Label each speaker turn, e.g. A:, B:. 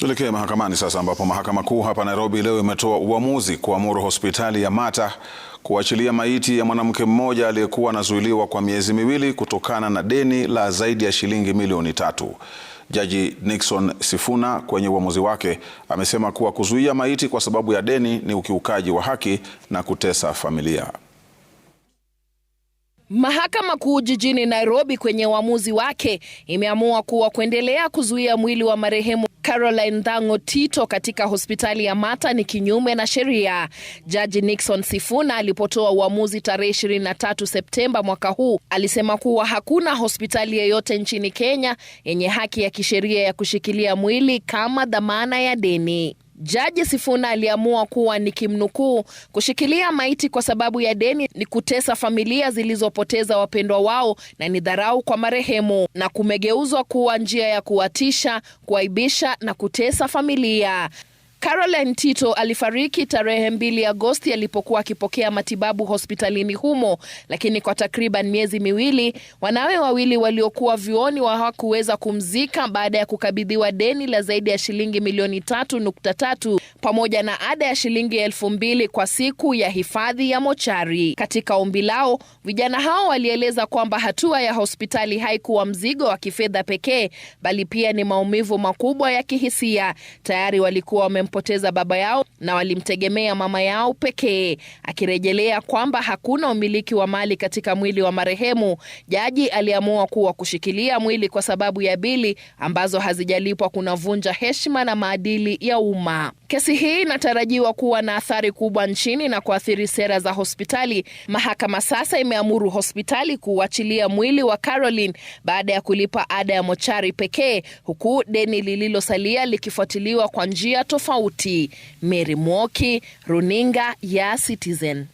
A: Tuelekee mahakamani sasa ambapo mahakama kuu hapa Nairobi leo imetoa uamuzi kuamuru hospitali ya Mater kuachilia maiti ya mwanamke mmoja aliyekuwa anazuiliwa kwa miezi miwili kutokana na deni la zaidi ya shilingi milioni tatu. Jaji Nixon Sifuna kwenye uamuzi wake amesema kuwa kuzuia maiti kwa sababu ya deni ni ukiukaji wa haki na kutesa familia.
B: Mahakama Kuu jijini Nairobi kwenye uamuzi wake imeamua kuwa kuendelea kuzuia mwili wa marehemu Caroline Dango Tito katika hospitali ya Mata ni kinyume na sheria. Jaji Nixon Sifuna alipotoa uamuzi tarehe 23 Septemba mwaka huu, alisema kuwa hakuna hospitali yeyote nchini Kenya yenye haki ya kisheria ya kushikilia mwili kama dhamana ya deni. Jaji Sifuna aliamua kuwa ni kimnukuu kushikilia maiti kwa sababu ya deni ni kutesa familia zilizopoteza wapendwa wao na ni dharau kwa marehemu, na kumegeuzwa kuwa njia ya kuwatisha, kuaibisha na kutesa familia. Caroline Tito alifariki tarehe mbili Agosti alipokuwa akipokea matibabu hospitalini humo, lakini kwa takriban miezi miwili wanawe wawili waliokuwa vioni hawakuweza kumzika baada ya kukabidhiwa deni la zaidi ya shilingi milioni tatu nukta tatu pamoja na ada ya shilingi elfu mbili kwa siku ya hifadhi ya mochari. Katika ombi lao, vijana hao walieleza kwamba hatua ya hospitali haikuwa mzigo wa kifedha pekee, bali pia ni maumivu makubwa ya kihisia. Tayari walikuwa wame walimpoteza baba yao na walimtegemea mama yao pekee. Akirejelea kwamba hakuna umiliki wa mali katika mwili wa marehemu, jaji aliamua kuwa kushikilia mwili kwa sababu ya bili ambazo hazijalipwa kunavunja heshima na maadili ya umma. Kesi hii inatarajiwa kuwa na athari kubwa nchini na kuathiri sera za hospitali. Mahakama sasa imeamuru hospitali kuuachilia mwili wa Caroline baada ya kulipa ada ya mochari pekee, huku deni lililosalia likifuatiliwa kwa njia tofauti tofauti. Mary Mwoki, runinga ya Citizen.